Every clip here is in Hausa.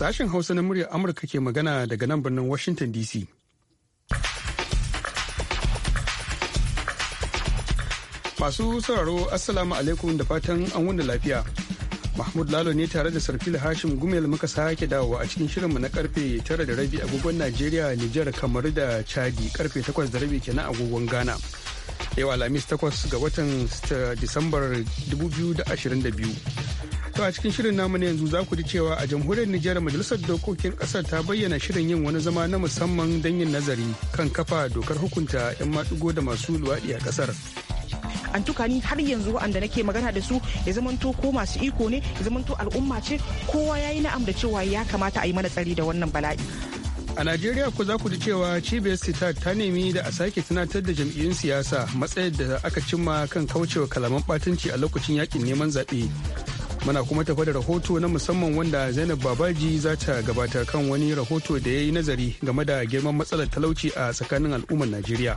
Sashen Hausa na muryar Amurka ke magana daga nan birnin Washington DC. Masu sauraro Assalamu alaikum da fatan an wunda lafiya. Mahmud Lalo ne tare da Sarfil Hashim Gumel muka sake dawowa a cikin shirinmu na karfe 9:30 agogon Najeriya, Nijar, kamar da Chadi karfe 8:30 da kenan agogon Ghana. Yau Alhamis takwas ga watan Disambar 2022. To a cikin shirin namu na yanzu za ku ji cewa a jamhuriyar Nijar majalisar dokokin kasar ta bayyana shirin yin wani zama na musamman don yin nazari kan kafa dokar hukunta 'yan maɗigo da masu luwaɗi a kasar. an tuka har yanzu wa'anda nake magana da su ya zamanto ko masu iko ne ya zamanto al'umma ce kowa ya yi na'am da cewa ya kamata a yi mana tsari da wannan bala'i. A Najeriya ku za ku ji cewa cibiyar sitat ta nemi da a sake tunatar da jam'iyyun siyasa matsayar da aka cimma kan kaucewa kalaman batunci a lokacin yakin neman zaɓe. Muna kuma tafa da rahoto na musamman wanda Zainab Babaji za ta gabatar kan wani rahoto da ya yi nazari game da girman matsalar talauci a tsakanin al'ummar Najeriya.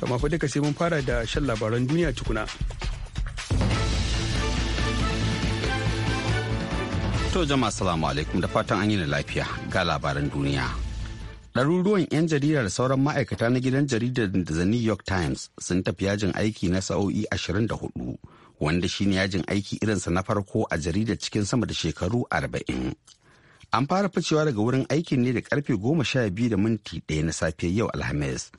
Ta mafi duka sai mun fara da shan labaran duniya tukuna. To jama'a salamu alaikum da fatan an yi lafiya ga labaran duniya. ɗaruruwan 'yan jaridar da sauran ma'aikata na gidan jaridar the new york times sun tafi yajin aiki na sa'o'i 24 wanda shine yajin aiki irinsa na farko a jaridar cikin sama da shekaru arba'in. An fara ficewa daga wurin aikin ne da karfe goma sha biyu da minti ɗaya na safe yau Alhamis.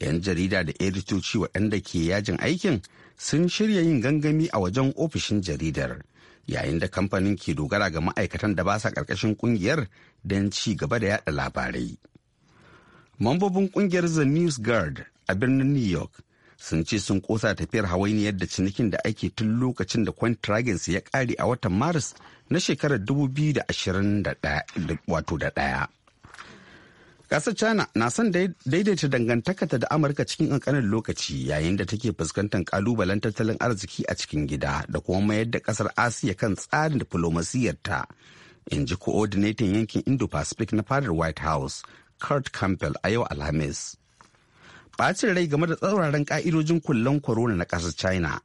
'Yan jarida da editoci waɗanda ke yajin aikin sun shirya yin gangami a wajen ofishin jaridar. Yayin da kamfanin ke dogara ga ma'aikatan da ba sa ƙarƙashin ƙungiyar don ci gaba da yada labarai. Mambobin ƙungiyar The News Guard a birnin New York sun ce sun kosa tafiyar hawainiyar da cinikin da ake tun lokacin da kwantragensu ya kare a watan maris na shekarar 2021 Ƙasar China na son daidaita dangantakata da Amurka cikin kankanin lokaci yayin da take fuskantar kalubalen tattalin arziki a cikin gida da kuma mayar da kasar Asiya kan tsarin diplomasiyarta In ji coordinating yankin Indo-Pacific na fadar White House, Kurt Campbell a yau Alhamis. bacin rai game da tsauraran ka'idojin kullen corona na ƙasar china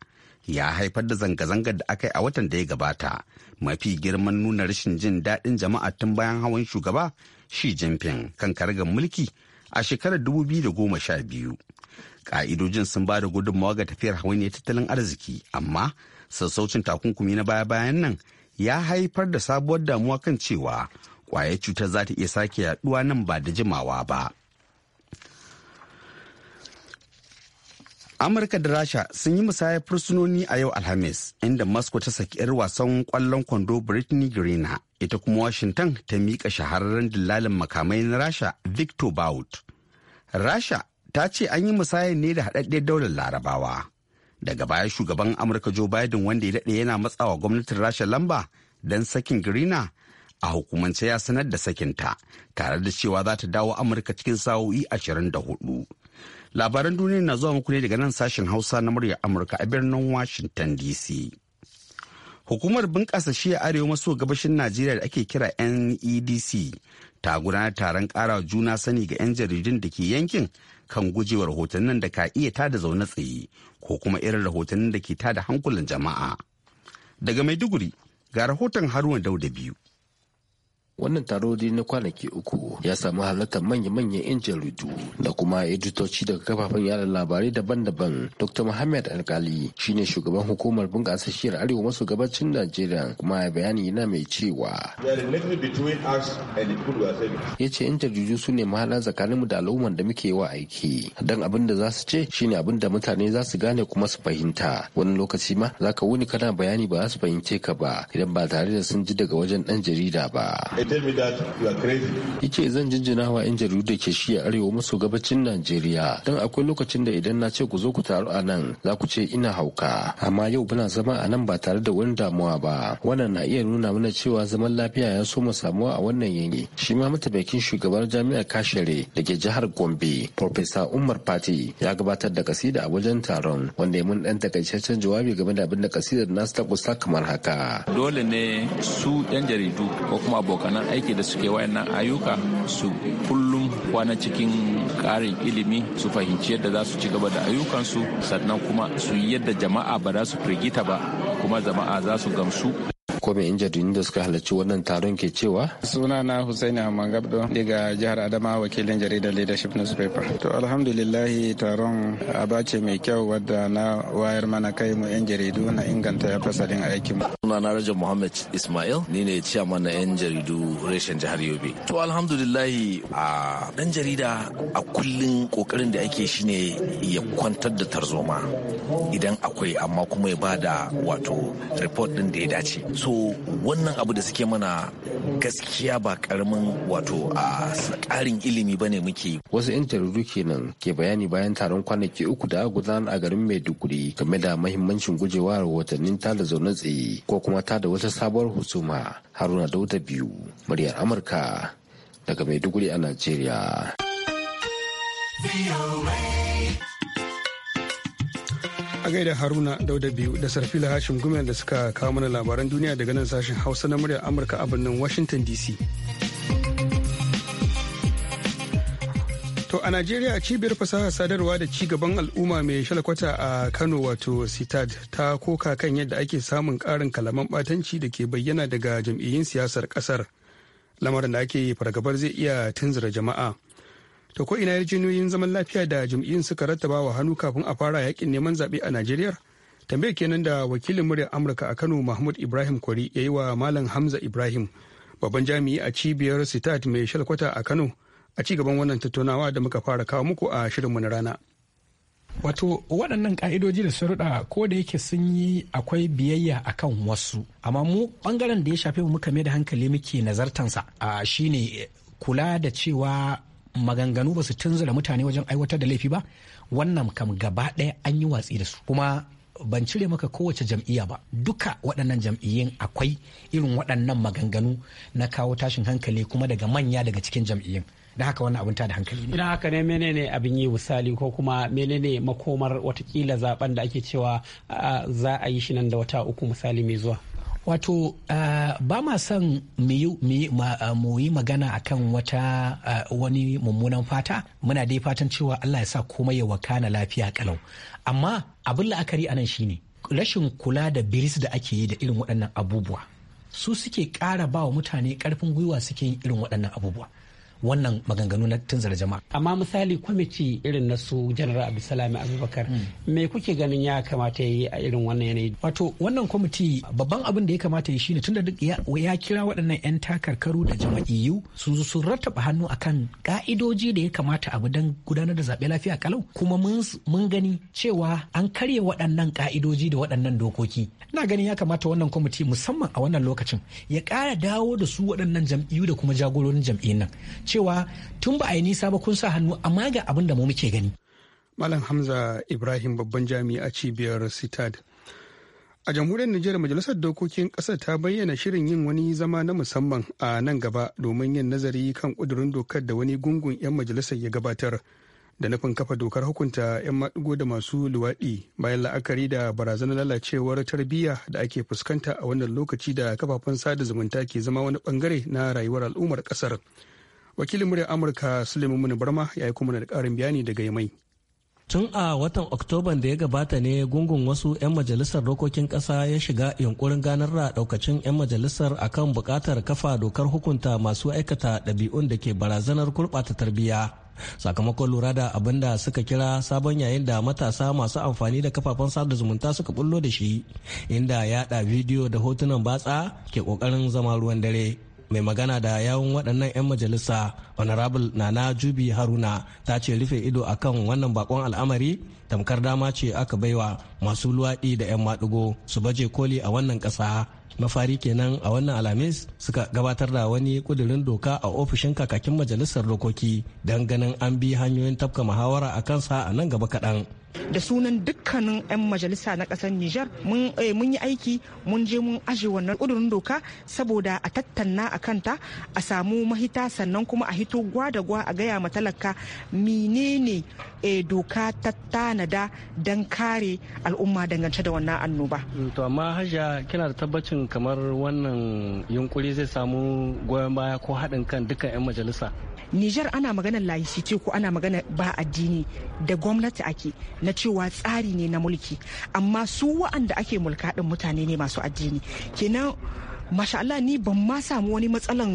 ya haifar da zanga-zangar da aka yi a watan da ya gabata mafi girman nuna rashin jin daɗin jama'a tun bayan hawan shugaba shi jinping kan karagar mulki a shekarar 2012 ka'idojin sun ba da gudunmawa ga tafiyar hawainiyar tattalin arziki amma sassaucin takunkumi na baya-bayan nan ya haifar da sabuwar damuwa kan cewa kwaye cutar za ta iya sake yaduwa nan ba da jimawa ba. amurka da rasha sun yi musayar fursunoni a yau alhamis inda moscow ta saki 'yar wasan kwallon kwando britney grena ita kuma washington ta miƙa shahararren dillalin makamai na rasha victor bout rasha ta ce an yi musayar ne da haɗaɗɗen daular larabawa daga baya shugaban amurka joe biden wanda ya daɗe yana matsawa gwamnatin rasha lamba don sakin grina a hukumance ya sanar da sakinta tare da cewa za ta dawo amurka cikin sa'o'i 24 labaran duniya na zuwa muku ne daga nan sashen hausa na murya amurka a birnin washington dc hukumar bunƙasa shiya arewa maso gabashin najeriya da ake kira nedc ta gudanar taron karawa juna sani ga 'yan jaridun da ke yankin kan gujewa rahotannin da ka iya tada zaune tsaye ko kuma irin rahotannin da ke tada hankulan jama'a daga maiduguri ga rahoton haruna dauda biyu wannan taro dai na kwanaki uku ya samu halartar manya-manyan 'yan jaridu da kuma editoci daga kafafen yada labarai daban-daban dr muhammad alkali shine shugaban hukumar bunƙasa shiyar arewa maso gabacin najeriya kuma ya bayani yana mai cewa ya ce 'yan jaridu su ne mahala mu da al'umman da muke wa aiki don abin da za su ce shine abin da mutane za su gane kuma su fahimta wani lokaci ma za ka wuni kana bayani ba za su fahimce ka ba idan ba tare da sun ji daga wajen ɗan jarida ba ike zan jinjina wa 'yan jaridu da ke shi a arewa maso gabacin Najeriya don akwai lokacin da idan na ce ku zo ku taru a nan za ku ce ina hauka amma yau bana zama a nan ba tare da wani damuwa ba wannan na iya nuna mana cewa zaman lafiya ya so mu samuwa a wannan yanki shi ma mataimakin shugabar jami'ar kashere da ke jihar Gombe Professor Umar Fati ya gabatar da kasida a wajen taron wanda ya mun dan takaitaccen jawabi game da abin da kasidar nasu ta kusa kamar haka dole ne su yan jaridu ko kuma abokan abokanan aiki da suke wayannan ayyuka su kullum kwana cikin ƙarin ilimi su fahimci yadda za su ci gaba da ayyukansu sannan kuma su yi yadda jama'a ba za su firgita ba kuma jama'a za su gamsu ko mai yan jaridu da suka halarci wannan taron ke cewa suna na husaini hamman gabdo daga jihar adama wakilin jaridar leadership newspaper to alhamdulillah taron abace mai kyau wadda na wayar mana kai mu yan jaridu na inganta fasalin aikin suna na rajin muhammad ismail ni ne ciya mana yan jaridu reshen jihar yobe to alhamdulillah a dan jarida a kullun kokarin da ake ne ya kwantar da tarzoma idan akwai amma kuma ya bada wato report din da ya dace so wannan abu da suke mana gaskiya ba karamin wato a karin ilimi ba ne muke wasu yan jaridu kenan ke bayani bayan taron kwanaki uku da gudanar a garin maiduguri game da mahimmancin gujewa rahotannin da zaune tsaye ko kuma ta da wata sabuwar husuma haruna dauda biyu muryar amurka daga maiduguri a najeriya a gaida haruna dauda biyu da sarfila hashim gumen da suka kawo mana labaran duniya daga nan sashen hausa na muryar amurka a birnin washington dc to a najeriya cibiyar fasaha sadarwa da ci gaban al'umma mai shalakwata a kano wato sitad ta koka kan yadda ake samun karin kalaman batanci da ke bayyana daga jam'iyyun siyasar kasar lamarin da ake fargabar zai iya tunzura jama'a da ko ina yarjejeniyoyin zaman lafiya da jam'iyyun suka rattaba wa hannu kafin a fara yakin neman zaɓe a najeriya tambayar kenan da wakilin muryar amurka a kano mahmud ibrahim kwari ya yi wa malam hamza ibrahim babban jami'i a cibiyar sitat mai shalkwata a kano a ci gaban wannan tattaunawa da muka fara kawo muku a shirinmu na rana wato waɗannan ƙa'idoji da sharuɗa ko da yake sun yi akwai biyayya akan wasu amma mu ɓangaren da ya shafe mu muka mai da hankali muke nazartansa a shine kula da cewa maganganu ba su tunzura mutane wajen aiwatar da laifi ba wannan kam gaba ɗaya an yi watsi da su kuma ban cire maka kowace jam'iyya ba duka waɗannan jam'iyyun akwai irin waɗannan maganganu na kawo tashin hankali kuma daga manya daga cikin jam'iyyun da haka wannan abin ta da hankali ne idan haka ne menene abin yi misali ko kuma menene makomar watakila zaben da ake cewa za a yi shi nan da wata uku misali mai zuwa wato ah, ba ma son ah, mu yi magana a kan wata uh, wani mummunan fata muna dai fatan cewa allah ya sa komai ya wakana lafiya kalau amma abin la'akari anan shine rashin kula da biris da ake yi da irin waɗannan abubuwa su suke ƙara ba wa mutane ƙarfin gwiwa suke yin irin waɗannan abubuwa wannan maganganu na tunzar jama'a amma misali kwamiti irin na su janar abdulsalami abubakar hmm. me kuke ganin ya kamata ya yi a irin wannan yanayi wato wannan kwamiti babban abin da ya kamata ya shine tunda duk ya kira waɗannan 'yan takarkaru da jama'iyyu sun zo sun rattaba hannu akan ka'idoji da ya kamata abu don gudanar da zaɓe lafiya kalau kuma mun gani cewa an karya waɗannan ka'idoji da waɗannan dokoki ina ganin ya kamata wannan kwamiti musamman a wannan lokacin ya ƙara dawo da su waɗannan jam'iyu da kuma jagororin jam'iyyun nan cewa tun ba a yi nisa ba kun sa hannu amma ga abin da mu muke gani. Malam Hamza Ibrahim babban jami'i a cibiyar Sitad. A jamhuriyar Nijar majalisar dokokin ƙasar ta bayyana shirin yin wani zama na musamman a nan gaba domin yin nazari kan ƙudurin dokar da wani gungun 'yan majalisar ya gabatar da nufin kafa dokar hukunta 'yan maɗigo da masu luwaɗi bayan la'akari da barazanar lalacewar tarbiyya da ake fuskanta a wannan lokaci da kafafen sada zumunta ke zama wani bangare na rayuwar al'ummar ƙasar. wakilin muryar amurka suleiman muni barma ya yi kuma da karin bayani daga yamai tun a watan oktoban da ya gabata ne gungun wasu 'yan majalisar dokokin kasa ya shiga yunkurin ganar da daukacin 'yan majalisar akan bukatar kafa dokar hukunta masu aikata ɗabi'un da ke barazanar gurɓata tarbiyya sakamakon lura da abin da suka kira sabon yayin da matasa masu amfani da kafafen sada zumunta suka bullo da shi inda yada bidiyo da hotunan batsa ke kokarin zama ruwan dare mai magana da yawun waɗannan 'yan majalisa honorable nana jubi haruna ta ce rufe ido akan wannan bakon al'amari tamkar dama ce aka baiwa masu luwaɗi da 'yan maɗigo su baje koli a wannan ƙasa mafari kenan a wannan alhamis suka gabatar da wani kudirin doka a ofishin kakakin majalisar dokoki don ganin an bi hanyoyin tafka muhawara a kansa a nan gaba kaɗan da sunan dukkanin 'yan majalisa na ƙasar Nijar eh, mun yi aiki mun je mun aje wannan ƙudurin doka saboda a tattanna a kanta a samu mahita sannan kuma a hito gwa da gwa a gaya ma talaka menene E, doka ta tanada don kare al'umma dangance da wannan annoba. Mm, to amma hajja kina da tabbacin kamar wannan yunkuri zai samu goyon baya ko haɗin kan dukkan 'yan majalisa. Nijar ana maganar laicite ko ana magana ba addini da gwamnati ake na cewa tsari ne na mulki amma su wa'anda ake mulka mutane ne masu addini kenan masha Allah ni ban ma samu wani matsalan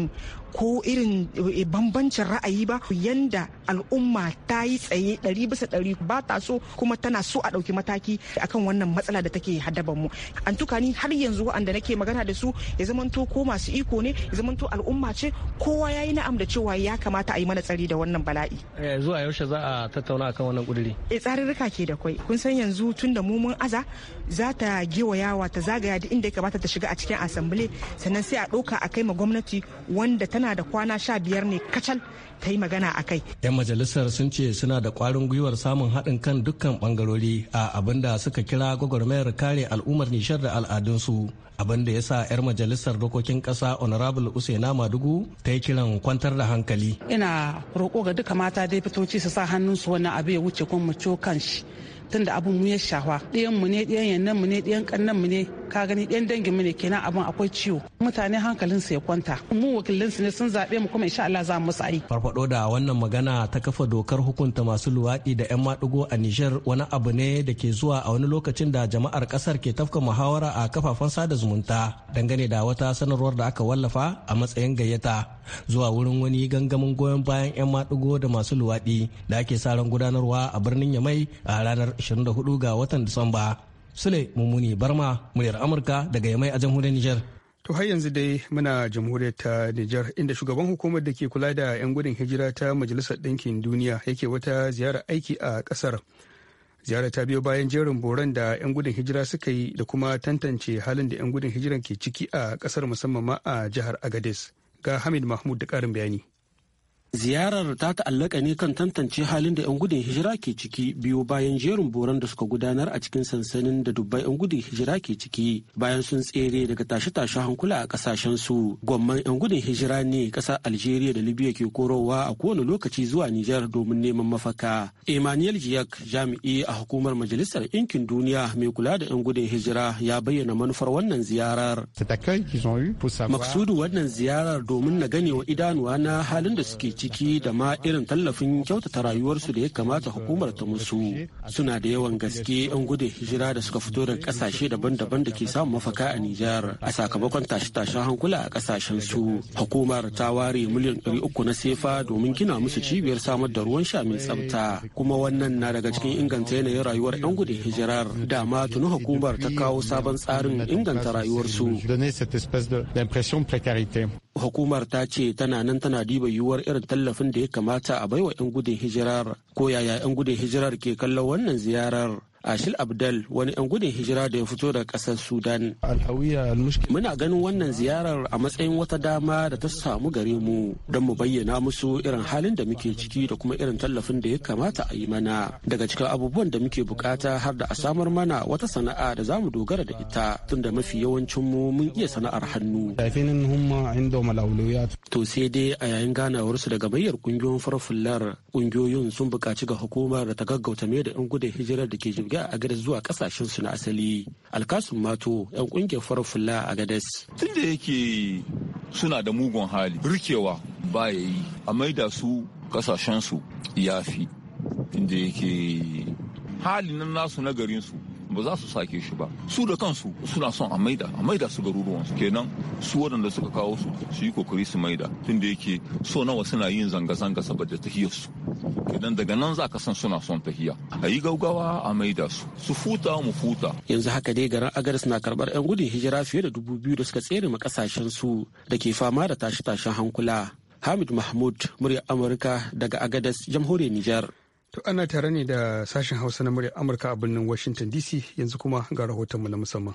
ko irin eh, bambancin ra'ayi ba yanda al'umma ta yi tsaye ɗari bisa ɗari ba ta so kuma tana so a ɗauki mataki akan wannan matsala da take haddaban mu an tuka har yanzu wa'anda nake magana da su ya zamanto ko masu iko ne ya zamanto al'umma ce kowa ya yi na'am da cewa ya kamata a yi mana tsari da wannan bala'i eh, zuwa yaushe za a tattauna akan wannan kuduri e eh, tsarirrika ke da kwai kun san yanzu tun da mu mun aza za ta yawa ta zagaya duk inda ya kamata ta shiga a cikin asambile sannan sai a ɗauka a kai ma gwamnati wanda ta tana da kwana sha biyar ne kacal ta yi magana a kai. 'Yan majalisar sun ce suna da kwarin gwiwar samun haɗin kan dukkan bangarori a abin da suka kira gwagwarmayar kare al'ummar nishar da al'adunsu abin da ya sa 'yar majalisar dokokin ƙasa honorable usaina madugu ta yi kiran kwantar da hankali. Ina roƙo ga duka mata dai fitoci su sa su wannan abu ya wuce kuma mu kan shi tunda abin mu ya shahwa ɗayan mu ne ɗayan yannan mu ne ɗayan ƙannan mu ne ka gani ɗan dangin mu ne kenan abin akwai ciwo mutane hankalinsu ya kwanta mu wakilinsu ne sun zaɓe mu kuma insha Allah za mu aiki. farfado da wannan magana ta kafa dokar hukunta masu luwaɗi da 'yan maɗigo a niger wani abu ne da ke zuwa a wani lokacin da jama'ar kasar ke tafka muhawara a kafafen sada zumunta dangane da wata sanarwar da aka wallafa a matsayin gayyata zuwa wurin wani gangamin goyon bayan 'yan maɗigo da masu luwaɗi da ake sa ran gudanarwa a birnin Yamai a ranar 24 ga watan Disamba. Sule Mummuni Barma muryar Amurka daga Yamai a jamhuriyar Nijar. To har yanzu dai muna jamhuriyar ta Nijar inda shugaban hukumar da ke kula da 'yan gudun hijira ta Majalisar Ɗinkin Duniya yake wata ziyara aiki a ƙasar. Ziyara ta biyo bayan jerin boran da 'yan gudun hijira suka yi da kuma tantance halin da 'yan gudun hijiran ke ciki a ƙasar musamman ma a jihar Agadez. Ga Hamid Mahmud da ƙarin bayani. Ziyarar ta ta'allaka ne kan tantance halin da 'yan gudun hijira ke ciki biyu bayan jerin boran da suka gudanar a cikin sansanin da dubbai 'yan gudun hijira ke ciki bayan sun tsere daga tashe-tashe hankula a kasashen su. Gwamman 'yan gudun hijira ne kasar Algeria da Libya ke korowa a kowane lokaci zuwa Nijar domin neman mafaka. Emmanuel Jiyak jami'i a hukumar Majalisar Ɗinkin Duniya mai kula da 'yan gudun hijira ya bayyana manufar wannan ziyarar. Maksudu wannan ziyarar domin na ganewa idanuwa na halin da suke ciki da ma irin tallafin kyautata rayuwarsu da ya kamata hukumar ta musu suna da yawan gaske 'yan gudun hijira da suka fito daga kasashe daban-daban da ke samun mafaka a Nijar a sakamakon tashe-tashen hankula a kasashen su hukumar ta ware miliyan 300 na sefa domin gina musu cibiyar samar da ruwan sha mai tsafta kuma wannan na daga cikin inganta yanayin rayuwar 'yan gudun hijirar da ma tuni hukumar ta kawo sabon tsarin inganta rayuwarsu. Hukumar ta ce tana nan tana diba yiwuwar irin tallafin da ya kamata a baiwa 'yan gudun hijirar ko yaya 'yan gudun hijirar ke kallon wannan ziyarar Ashil Abdal wani 'yan gudun hijira da ya fito daga ƙasar Sudan. Muna ganin wannan ziyarar a matsayin wata dama da ta samu gare mu don mu bayyana musu irin halin da muke ciki da kuma irin tallafin da ya kamata a yi mana. Daga cikin abubuwan da muke bukata har da a samar mana wata sana'a da za mu dogara da ita tunda mafi yawancin mu mun iya sana'ar hannu. To sai dai a yayin ganawarsu daga gamayyar kungiyoyin farfullar kungiyoyin sun buƙaci ga hukumar da ta gaggauta mai da 'yan gudun hijirar da ke a agadas zuwa kasashen su na asali alkasun mato yan kungiyar farar fulla gadas tun da yake suna da mugun hali rikewa ba ya yi a maida su kasashen su ya fi inda yake hali nan nasu na garin su ba za su sake shi ba su da kansu suna son a maida a maida su su kenan su waɗanda suka kawo su su yi kokari su maida tun da yake so nawa suna yin zanga-zanga saboda su kenan daga nan za ka san suna son tahiya a yi gaugawa a maida su su futa mu futa yanzu haka dai garin agaris na karɓar 'yan gudun hijira fiye da dubu biyu da suka tsere ma kasashen su da ke fama da tashe-tashen hankula hamid mahmud murya amurka daga agadas jamhuriyar nijar To ana tare ne da sashen Hausa na muryar Amurka a birnin Washington DC yanzu kuma ga rahotonmu na musamman.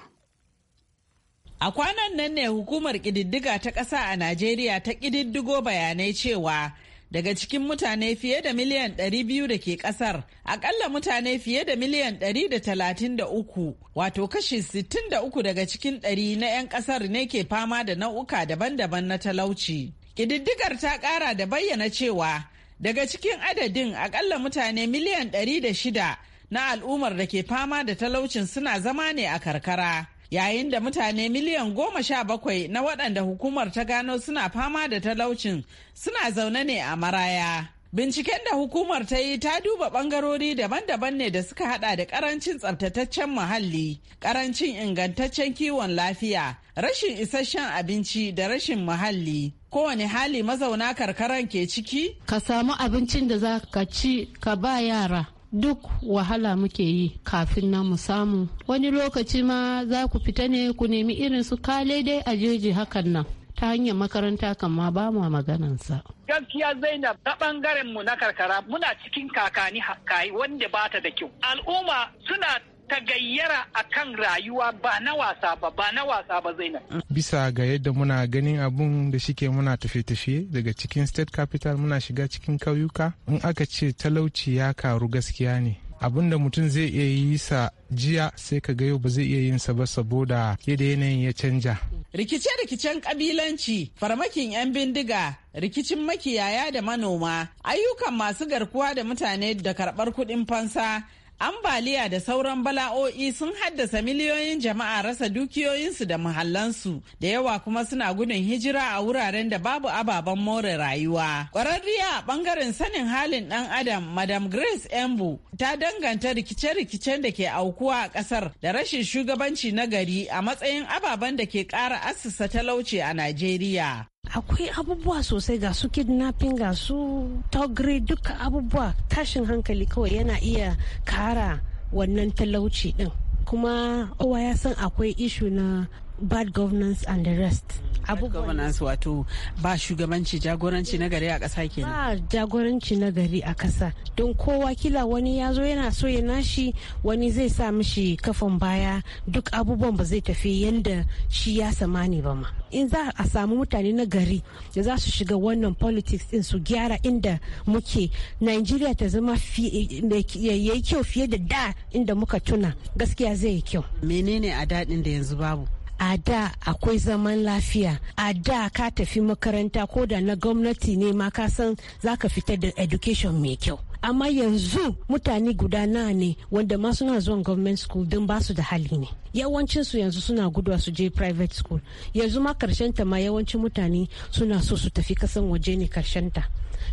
A kwanan nan ne hukumar ƙididdiga ta ƙasa a Najeriya ta ƙididdigo bayanai cewa daga cikin mutane fiye da miliyan 200 da ke ƙasar, akalla mutane fiye da miliyan 133 wato kashi 63 daga cikin 100 na 'yan ƙasar ne ke fama da nau'uka daban-daban na talauci. Ƙididdigar ta ƙara da bayyana cewa Daga cikin adadin akalla mutane miliyan ɗari da shida na al'ummar da ke fama da talaucin suna zama ne a karkara. Yayin da mutane miliyan goma sha bakwai na waɗanda hukumar ta gano suna fama da talaucin suna zaune ne a maraya. Binciken da hukumar ta yi ta duba bangarori daban-daban ne da suka hada da karancin tsabtataccen muhalli, karancin ingantaccen kiwon lafiya, rashin isasshen abinci da rashin muhalli. kowane hali mazauna karkaran ke ciki? Ka samu abincin da za ka ci ka ba yara. Duk wahala muke yi kafin nan mu samu. Wani lokaci ma za ku fita ne ku nemi irin su kale dai a jeji hakan nan. ta hanyar makaranta kan ma ba mu maganansa. Gaskiya Zainab ta bangaren mu na karkara muna cikin kakani kai wanda bata da kyau. Al'umma suna ta gayyara a kan rayuwa ba na wasa ba ba na wasa ba zainab. bisa ga yadda muna ganin abun da shike muna tafiye-tafiye daga cikin state capital muna shiga cikin kauyuka in aka ce talauci ya karu gaskiya ne abin da mutum zai iya yi sa jiya sai ka ga yau ba zai iya yin sa ba saboda yadda yanayin ya canja. Rikice-rikicen kabilanci, farmakin 'yan bindiga, rikicin makiyaya da manoma, ayyukan masu garkuwa da mutane da karɓar kuɗin fansa, ambaliya da sauran bala'o'i sun haddasa miliyoyin jama'a rasa dukiyoyinsu da muhallansu da yawa kuma suna gudun hijira a wuraren da babu ababen more rayuwa ƙwararriya a ɓangaren sanin halin ɗan adam madam grace embu ta danganta rikice-rikicen da ke aukuwa a ƙasar da rashin shugabanci na gari a matsayin ababen da ke ƙara assasa talauci a najeriya akwai abubuwa sosai ga su kidnapping ga su togri duka abubuwa tashin hankali kawai yana iya kara wannan talauci din kuma owa ya san akwai ishu na bad governance and the rest abu governance wato ba shugabanci jagoranci na gari a ƙasa kenan ba jagoranci na gari a ƙasa don kowa kila wani ya zo yana so ya nashi wani zai sa mishi kafan baya duk abubuwan ba zai tafi yadda shi ya samani ba ma in za a samu mutane na gari da za su shiga wannan politics din su gyara inda muke nigeria ta zama ya yi kyau fiye da da inda muka tuna gaskiya zai yi kyau menene a daɗin da yanzu babu a da akwai zaman lafiya a da ka tafi makaranta ko da na gwamnati ne ma ka san za ka fita da education mai kyau amma yanzu mutane guda na ne wanda ma suna zuwan government school don ba su da hali ne Yawancinsu su yanzu suna guduwa su je private school yanzu ma karshen ta ma yawancin mutane suna so su tafi kasan waje ne karshen ta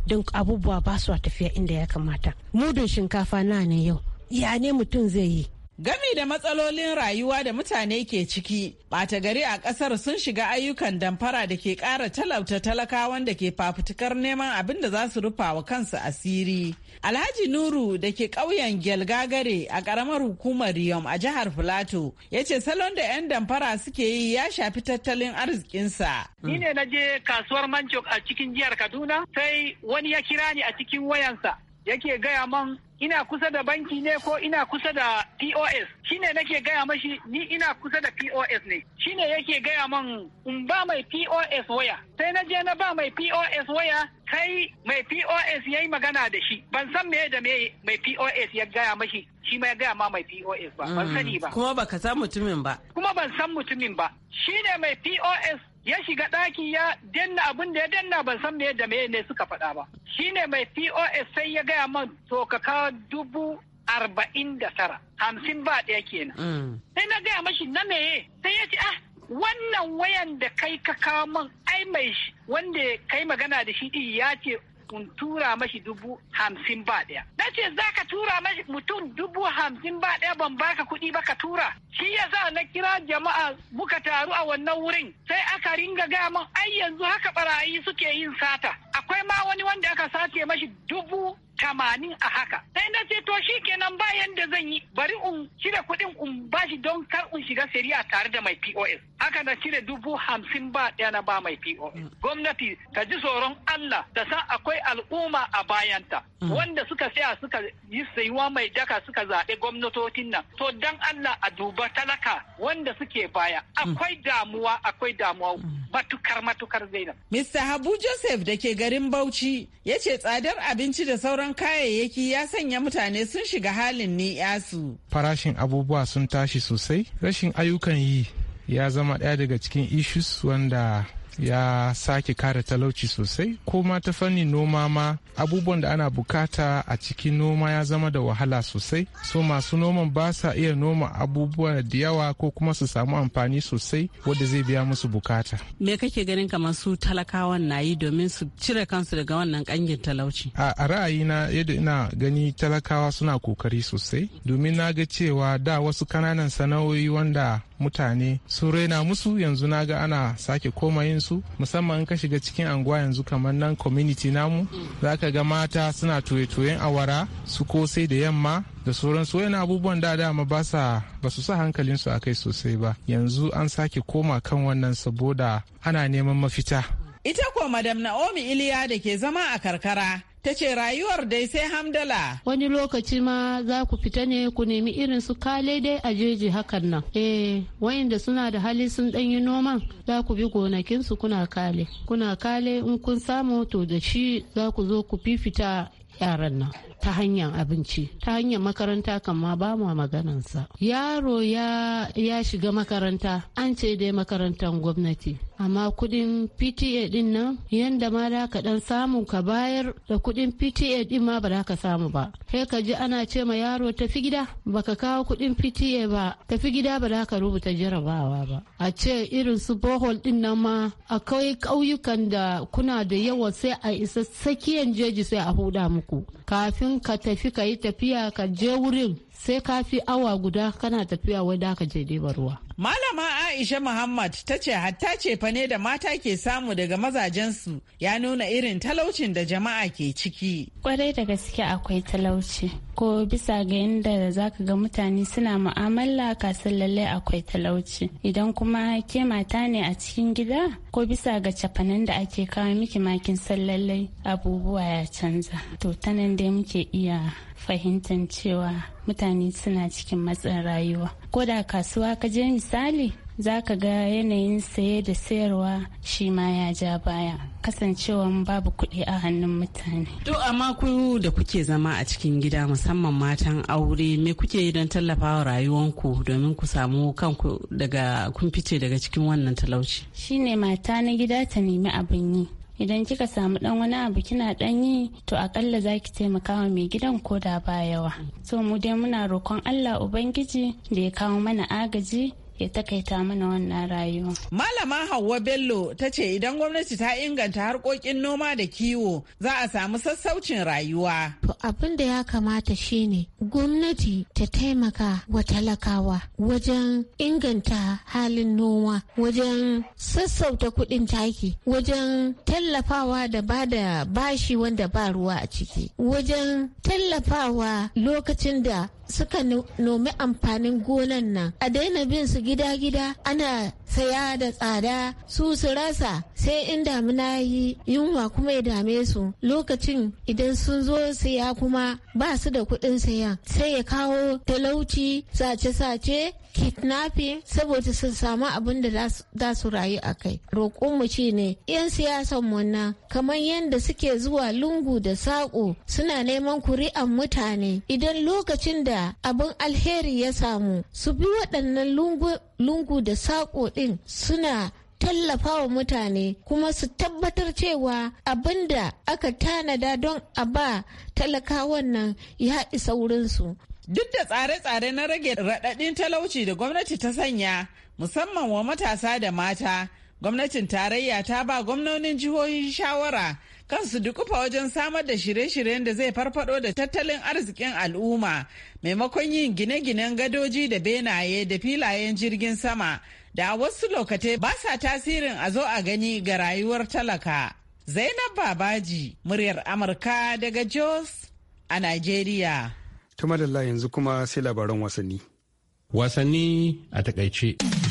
don abubuwa ba su tafiya inda ya kamata mudun shinkafa na ne yau ya ne mutum zai yi Gami da matsalolin rayuwa da mutane ke ciki, ɓata gari a ƙasar sun shiga ayyukan damfara da ke ƙara talauta talakawan da ke fafutukar neman abin da za su rufa wa kansu asiri. Alhaji Nuru da ke ƙauyen Gyalgagare a ƙaramar hukumar Riyom a jihar Filato ya ce salon da 'yan damfara suke yi ya shafi tattalin arzikinsa. Ni ne na je kasuwar Manchok a cikin jihar Kaduna sai wani ya kira ni a cikin wayansa yake gaya man ina kusa da banki ne ko ina kusa da POS shine nake gaya mashi ni ina kusa da POS ne shine yake gaya man in ba mai POS waya sai na je na ba mai POS waya kai mai POS yayi magana da shi ban san me da me mai POS ya gaya mashi shi ma ya gaya ma mai POS ba ban mm. sani ba kuma baka san mutumin ba kuma ban san mutumin ba shine mai POS ya shiga ɗaki ya danna abin da ya danna ban san me da me ne suka faɗa ba shine mai pos sai ya gaya man to ka kawo dubu arba'in da tara hamsin ba ɗaya kenan mm. sai na gaya mashi na meye sai ya ce ah wannan wayan da kai ka kawo man ai mai wanda kai magana da shi ya ce in tura mashi dubu hamsin ba ɗaya. Na ce za ka tura mashi mutum dubu hamsin ba ɗaya ban baka kuɗi ba ka tura. Shi ya sa na kira jama'a muka taru a wannan wurin sai aka ringa gaya min ai yanzu haka barayi suke yin sata. Akwai ma wani wanda aka sace mashi dubu tamanin a haka sai na ce to shi kenan bayan da zan yi bari in cire kuɗin in bashi don kar in shiga shari'a tare da mai pos haka na cire dubu hamsin ba ɗaya na ba mai pos mm. gwamnati ta ji tsoron allah da san akwai al'umma a bayanta mm. wanda suka saya suka yi sayuwa mai daka suka zaɓe gwamnatocin nan to dan allah a duba talaka wanda suke baya mm. akwai damuwa akwai damuwa matukar matukar zainab mr habu joseph da ke garin bauchi ya ce tsadar abinci da sauran kayayyaki ya sanya mutane sun shiga halin ni yasu. Farashin abubuwa sun tashi sosai, rashin ayyukan yi ya zama ɗaya daga cikin issues wanda ya sake kare talauci sosai ko ma ta fanni noma ma abubuwan da ana bukata a cikin noma ya zama da wahala sosai so masu noman ba sa iya noma abubuwa da yawa ko kuma su samu amfani sosai wadda zai biya musu bukata me kake ganin kamar su talakawan na yi domin su cire kansu daga wannan kangin talauci a ra'ayina yadda ina gani talakawa suna kokari sosai domin na ga cewa da wasu kananan sana'o'i wanda mutane su raina musu yanzu na ga ana sake koma yin su musamman in ka shiga cikin anguwa yanzu kamar nan community namu za ka ga mata suna toye-toyen awara su kosai da yamma da sauransu wani abubuwan da dama ba sa ba su sa hankalinsu a kai sosai ba yanzu an sake koma kan wannan saboda ana neman mafita ita ko madam naomi iliya da ke zama a karkara ta ce rayuwar dai sai hamdala. Wani lokaci ma za ku fita ne ku nemi irin su kale dai a jeji hakan nan. Eh, wayanda suna da hali sun dan yi noman za ku bi gonakin su kuna kale. Kuna kale in kun samu to da shi za ku zo ku fifita yaran nan ta hanyar abinci ta hanyar makaranta kan ma ba mu maganansa yaro ya, ya shiga makaranta an ce dai makarantar gwamnati amma kudin pta din nan yadda ma da ka dan samu ka bayar da kudin pta din ma ba da ka samu ba sai ka ji ana ce ma yaro tafi gida baka kawo kudin pta ba tafi gida ba da ka rubuta jarabawa ba a ce irin su bohol din nan ma akwai ƙauyukan da kuna da yawa sai a isa sakiyan jeji sai a huda mu kafin ka tafi ka yi tafiya ka je wurin sai ka fi awa guda kana tafiya wai da ka je ɗeba ruwa. Malama Aisha Muhammad ta ce hatta ce fa da mata ke samu daga mazajensu ya nuna irin talaucin da jama'a ke ciki. Kwarai da gaske akwai talauci. Ko bisa ga yadda za ka ga mutane suna mu'amala kasan lallai akwai talauci. Idan kuma ke mata ne a cikin gida ko bisa ga cafanan da ake kawo miki makin san abubuwa ya canza. To tanan dai muke iya fahimtar cewa mutane suna cikin matsin rayuwa ko da kasuwa ka je misali zaka ga yanayin saye da sayarwa shi ma ya ja baya kasancewa babu kuɗi a hannun mutane. To amma ku da kuke zama a cikin gida musamman matan aure me kuke yi don tallafawa rayuwanku domin ku samu kanku daga kun fice daga cikin wannan talauci. Shine mata na gida ta nemi abin yi idan kika samu dan wani abu kina dan yi to akalla za ki taimaka wa mai gidan ko da ba yawa so mu dai muna roƙon allah ubangiji da ya kawo mana agaji ya takaita mana wannan rayuwa. Malama Hauwa Bello ta ce idan gwamnati ta inganta harkokin noma da kiwo za a samu sassaucin rayuwa. Abin da ya kamata shine gwamnati ta taimaka wa talakawa wajen inganta halin noma wajen sassauta kuɗin taki wajen tallafawa da ba da bashi wanda ba ruwa a ciki wajen tallafawa lokacin da suka nomi amfanin gonan nan a daina bin su gida-gida ana saya da tsada su su rasa sai in damina yi yunwa kuma ya dame su lokacin idan sun zo saya kuma ba su da kuɗin saya sai ya kawo talauci sace-sace kidnapping saboda su samu abin da za su rayu a kai roƙonmu shi ne 'yan siyasan wannan kamar yadda suke zuwa lungu da saƙo suna neman kuri'an mutane idan lokacin da abin alheri ya samu su bi waɗannan lungu lungu da saƙo ɗin suna tallafawa mutane kuma su tabbatar cewa abin da aka tanada don a ba talakawan nan ya isa wurinsu. Duk da tsare-tsare na rage raɗaɗin talauci da gwamnati ta sanya musamman wa matasa da mata, gwamnatin tarayya ta ba gwamnonin jihohin shawara Kansu su dukufa wajen samar da shirye-shiryen da zai farfado da tattalin arzikin al'umma maimakon yin gine-ginen gadoji da benaye da filayen jirgin sama da a wasu lokatai ba sa tasirin a zo a gani ga rayuwar talaka. Zainab Babaji, muryar Amurka daga Jos a Najeriya. yanzu kuma sai labaran wasanni. Wasanni a takaice.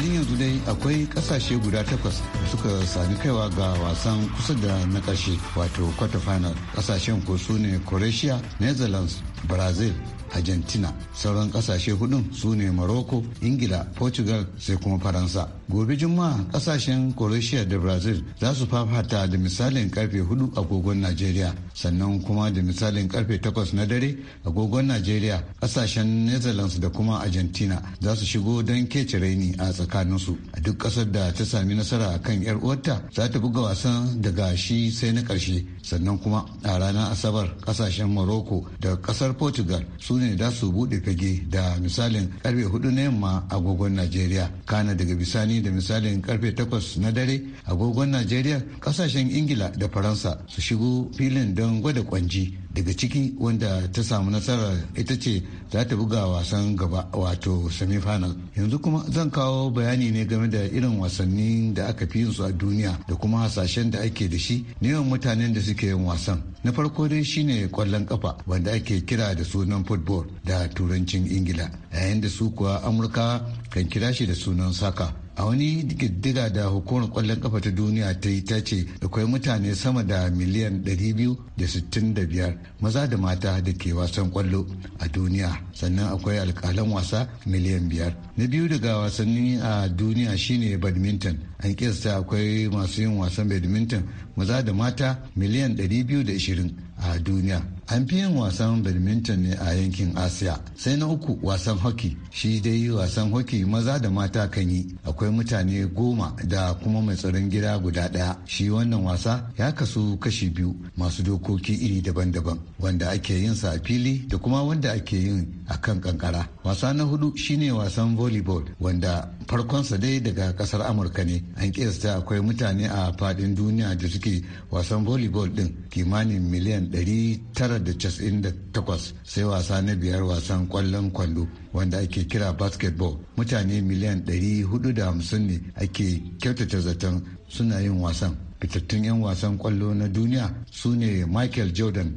halin yanzu dai akwai kasashe guda takwas da suka sami kaiwa ga wasan kusa da na ƙarshe wato quarter final kasashen ko su ne croatia netherlands brazil argentina sauran kasashe hudun su ne morocco ingila portugal sai kuma faransa gobe juma'a kasashen croatia da brazil za su fafata da misalin karfe hudu agogon nigeria sannan kuma da misalin karfe takwas na dare agogon nigeria kasashen netherlands da kuma argentina za su shigo don kece raini a tsakaninsu a duk kasar da ta sami nasara kan yar uwarta za ta buga wasan daga shi sai na karshe sannan kuma a ranar asabar kasashen morocco da kasar portugal su ne da su bude fage da misalin karfe hudu na yamma agogon nigeria kana daga bisani da misalin karfe takwas na dare agogon nigeria kasashen ingila da faransa su shigo filin don gwada kwanji daga ciki wanda ta samu nasara ita ce za ta buga wasan gaba wato semifinal yanzu kuma zan kawo bayani ne game da irin wasannin da aka fi yin su a duniya da kuma hasashen da ake da shi neman mutanen da suke yin wasan na farko dai shine kwallon kafa wanda ake kira da sunan football da turancin ingila yayin da su kuwa amurka kan kira shi da sunan saka a wani diddiga da hukumar kwallon kafa ta duniya ta yi ta ce akwai mutane sama da miliyan 265 maza da mata da ke wasan kwallo a duniya sannan akwai alkalan wasa miliyan biyar na biyu daga wasanni a duniya shine badminton an kiyasta akwai masu yin wasan badminton maza da mata miliyan 220 a duniya an fi yin wasan badminton ne a yankin asiya sai na uku wasan hockey shi dai wasan hockey maza da mata kan yi akwai mutane goma da kuma mai tsaron gida guda ɗaya shi wannan wasa ya kasu kashi biyu masu dokoki iri daban-daban wanda ake yin sa a fili da kuma wanda ake yin a kan kankara wasa na hudu shine wasan volleyball wanda farkonsa dai daga kasar amurka ne an kiyasta akwai mutane a fadin duniya da suke wasan volleyball din kimanin miliyan 900 1998 sai wasa na biyar wasan kwallon kwallo wanda ake kira basketball mutane miliyan 450 ne ake kyautata zaton suna yin wasan fitattun 'yan wasan kwallo na duniya su ne michael jordan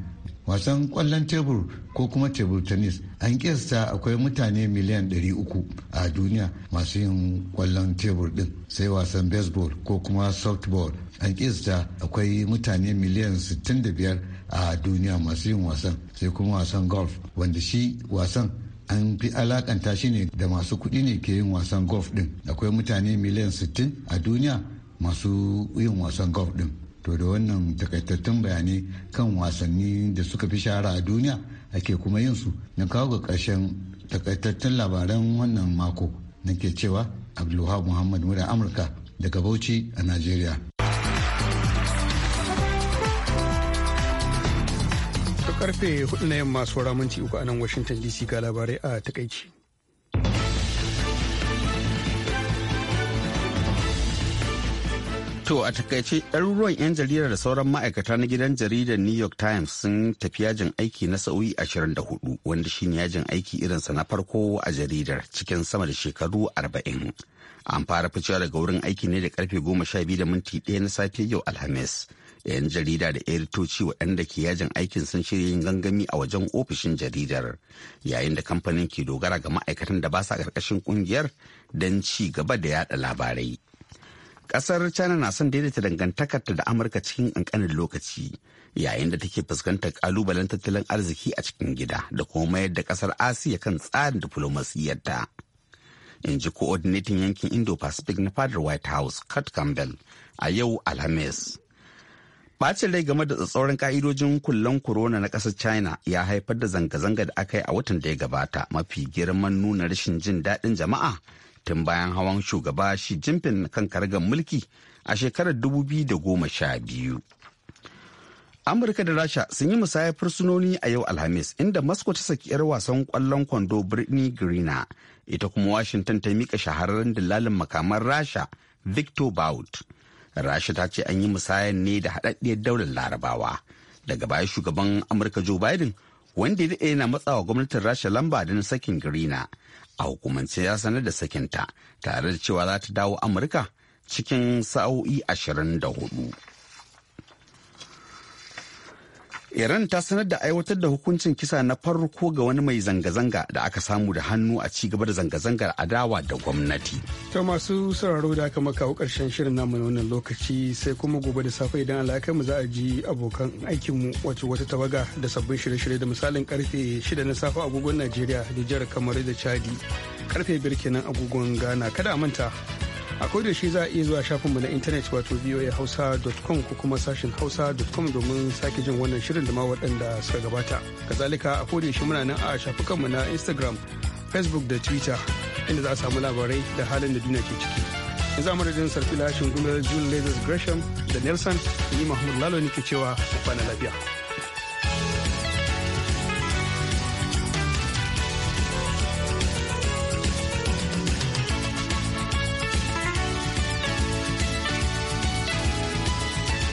wasan kwallon tebur ko kuma tebur tennis an kiyasta akwai mutane miliyan 300 a duniya masu yin kwallon tebur din sai wasan baseball ko kuma softball an kiyasta akwai mutane miliyan 65 a duniya masu yin wasan sai kuma wasan golf wanda shi wasan an fi alakanta shi ne da masu kuɗi ne ke yin wasan golf din. akwai mutane miliyan 60 a duniya masu yin wasan golf din. to da wannan takaitattun bayanai kan wasanni da suka fi shahara a duniya ake kuma yin su na kawo ga karshen takaitattun labaran wannan mako nake cewa abdulwahab muhammad muda amurka daga bauchi a najeriya karfe hudu na yamma saura minti uku a nan washington dc ga labarai a takaici To a takaice ɗaruruwan 'yan jarida da sauran ma'aikata na gidan jaridar New York Times sun tafi yajin aiki na sa'o'i 24 wanda shine yajin aiki irinsa na farko a jaridar cikin sama da shekaru 40. An fara ficewa daga wurin aiki ne da karfe 12 da minti 1 na safe yau Alhamis. da 'yan jarida da editoci waɗanda ke yajin aikin sun shirya yin gangami a wajen ofishin jaridar yayin da kamfanin ke dogara ga ma'aikatan da ba sa ƙarƙashin ƙungiyar don ci gaba da yada labarai ƙasar china na son daidaita dangantakarta da amurka cikin ƙanƙanin lokaci yayin da take fuskantar ƙalubalen tattalin arziki a cikin gida da kuma mayar da ƙasar asiya kan tsarin diflomasiyyarta. in ji coordinating yankin indo-pacific na fadar white house kurt campbell a yau alhamis Bacin rai game da tsatsauran ka'idojin kullon corona na ƙasar China ya haifar da zanga-zanga da aka yi a watan da ya gabata mafi girman nuna rashin jin daɗin jama'a tun bayan hawan shugaba shi jinfin kan kargan mulki a shekarar 2012. Amurka da Rasha sun yi musayar fursunoni a yau Alhamis inda Moscow ta saki 'yar wasan kwallon kwando Britney greener ita kuma Washington ta mika shahararren dillalin makamar Rasha Victor Bout rasha ta ce an yi musayan ne da haɗaɗɗiyar daular larabawa daga baya shugaban amurka joe biden wanda ya daɗe yana matsawa gwamnatin rasha lamba da sakin girina a hukumance ya sanar da sakinta tare da cewa za ta dawo amurka cikin sa'o'i ashirin da hudu. Iran ta sanar da aiwatar da hukuncin kisa na farko ga wani mai zanga-zanga da aka samu da hannu a ci gaba da zanga-zangar adawa da gwamnati. ta masu sauraro da aka makawo karshen shirin namu na wannan lokaci sai kuma gobe da safe idan alakar mu za a ji abokan aikinmu wato wata tawaga da sabbin shirye-shirye da misalin karfe 6 na safe agogon Najeriya, Nijar, Kamaru da Chadi. Karfe 5 kenan agogon Ghana. Kada a manta a da shi za a iya zuwa shafinmu na intanet wato hausa.com ko kuma sashin hausa.com domin sake jin wannan shirin da ma waɗanda suka gabata kazalika a da shi muna nan a shafukanmu na instagram facebook da twitter inda za a samu labarai da halin da duniya ke ciki in za mu sarfi lashin gudunar june lagos gresham da nelson ni mahmud lalo ne ke cewa kwana lafiya